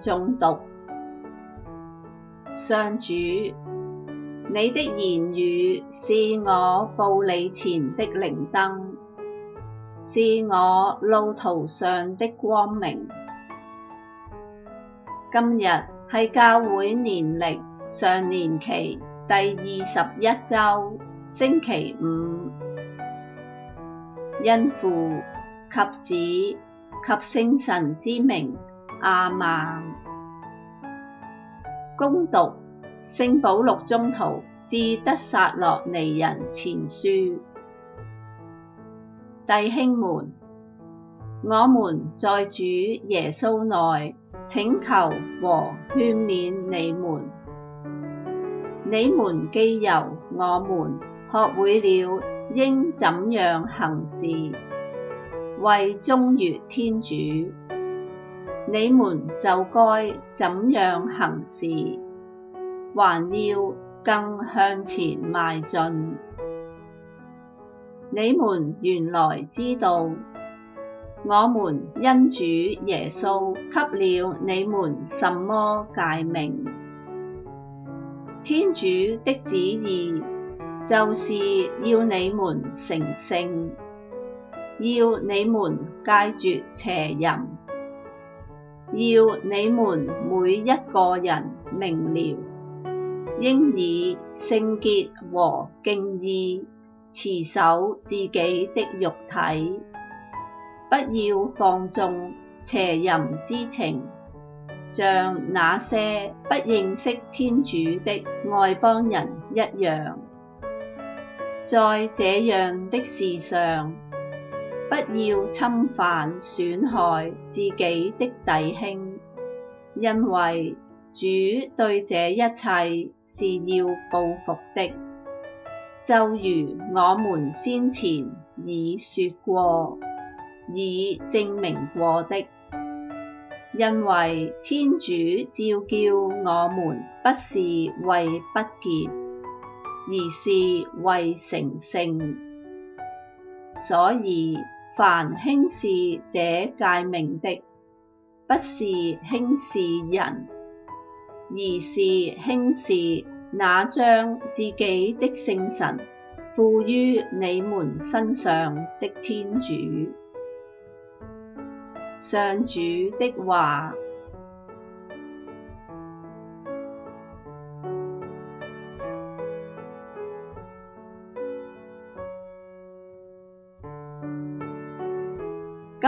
誦讀上主，你的言語是我步履前的靈燈，是我路途上的光明。今日係教會年曆上常年期第二十一周星期五，因父及子及聖神之名。亞孟。恭讀《聖保祿宗徒致得撒洛尼人前書，弟兄們，我們在主耶穌內請求和勸勉你們，你們既由我們學會了應怎樣行事，為中悅天主。你們就該怎樣行事，還要更向前邁進。你們原來知道，我們因主耶穌給了你們什麼誡命，天主的旨意就是要你們成聖，要你們戒絕邪淫。要你們每一個人明瞭，應以聖潔和敬意持守自己的肉體，不要放縱邪淫之情，像那些不認識天主的外邦人一樣。在這樣的事上，不要侵犯損害自己的弟兄，因為主對這一切是要報復的。就如我們先前已説過、已證明過的，因為天主召叫我們不是為不潔，而是為成聖，所以。凡輕視這誡命的，不是輕視人，而是輕視那將自己的聖神賦於你們身上的天主。上主的話。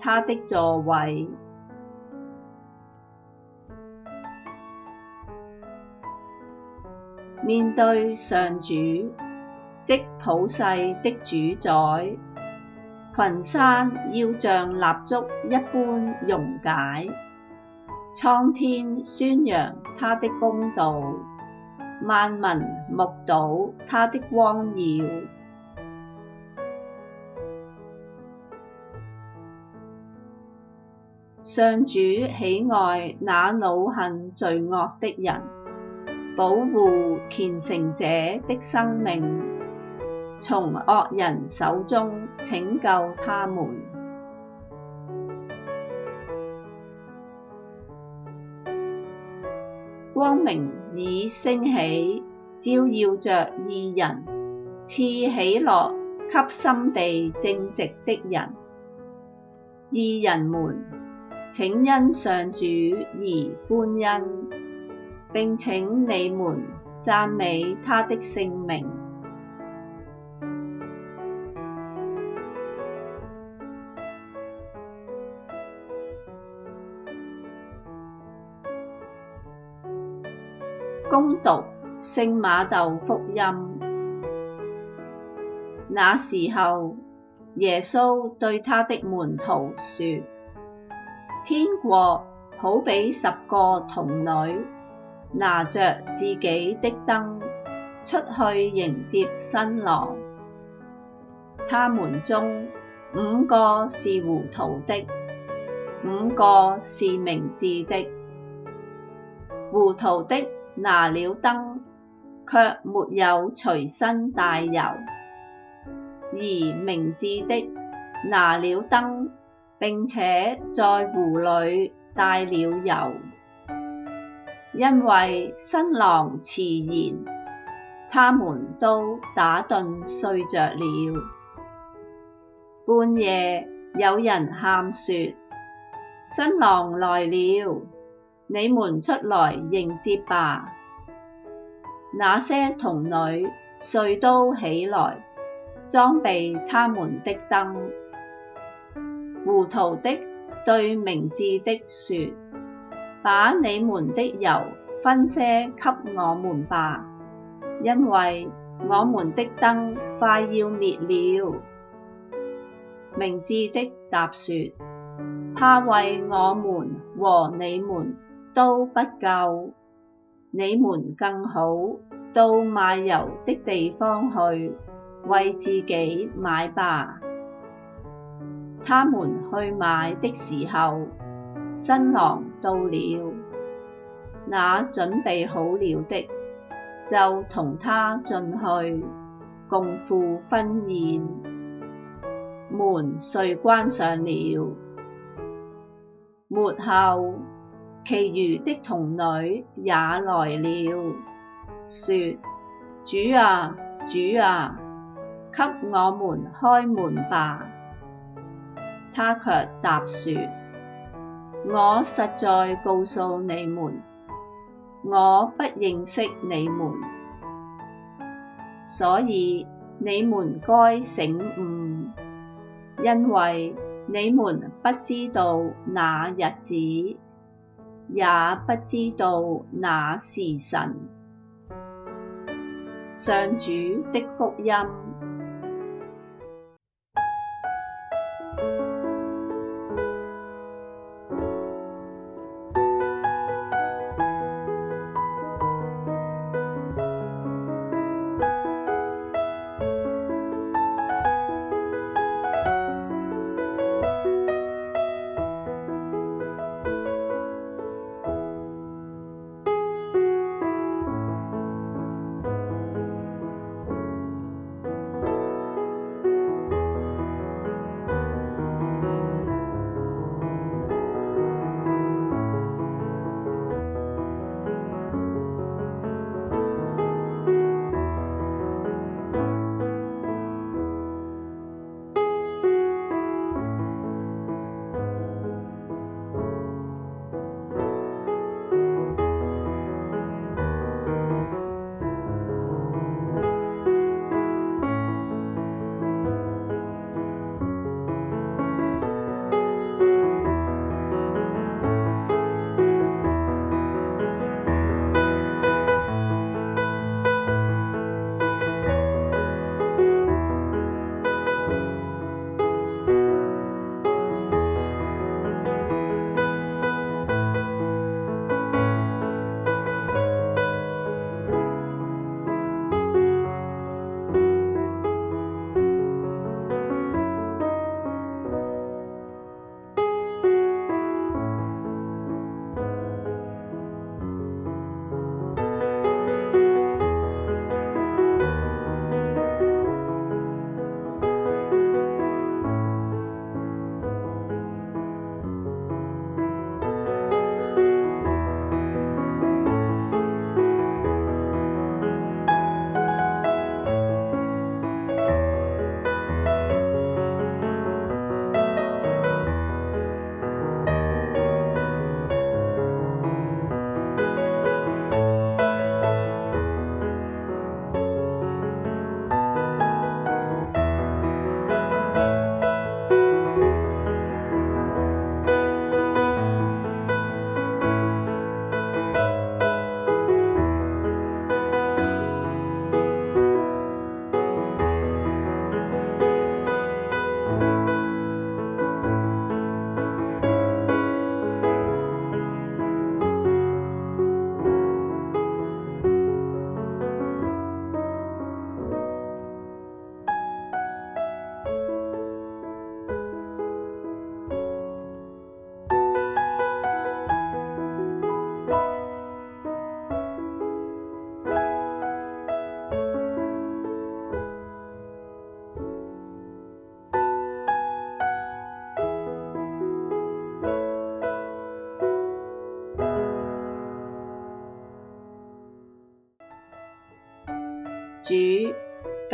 他的座位面對上主，即普世的主宰，群山要像蠟燭一般溶解，蒼天宣揚他的公道，萬民目睹他的光耀。上主喜愛那惱恨罪惡的人，保護虔誠者的生命，從惡人手中拯救他們。光明已升起，照耀著義人，賜喜樂給心地正直的人。義人們，請因上主而歡欣，並請你們讚美他的聖名。恭讀《聖瑪竇福音》。那時候，耶穌對他的門徒說：天國好比十個童女，拿着自己的燈出去迎接新郎。他們中五個是糊塗的，五個是明智的。糊塗的拿了燈，卻沒有隨身帶油；而明智的拿了燈，並且在壺裏帶了油，因為新郎遲延，她們都打盹睡着了。半夜有人喊說：新郎來了，你們出來迎接吧。那些童女遂都起來，裝備她們的燈。糊塗的對明智的說：把你們的油分些給我們吧，因為我們的燈快要滅了。明智的答說：怕為我們和你們都不夠，你們更好到賣油的地方去，為自己買吧。他們去買的時候，新郎到了，那準備好了的，就同他進去，共赴婚宴，門遂關上了。末後，其餘的童女也來了，說：主啊，主啊，給我們開門吧！他卻答説：我實在告訴你們，我不認識你們，所以你們該醒寤，因為你們不知道那日子，也不知道那時辰。上主的福音。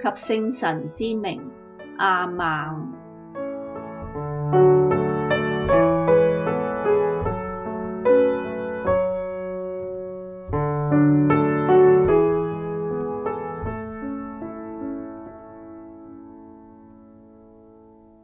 及聖神之名，阿曼。A man.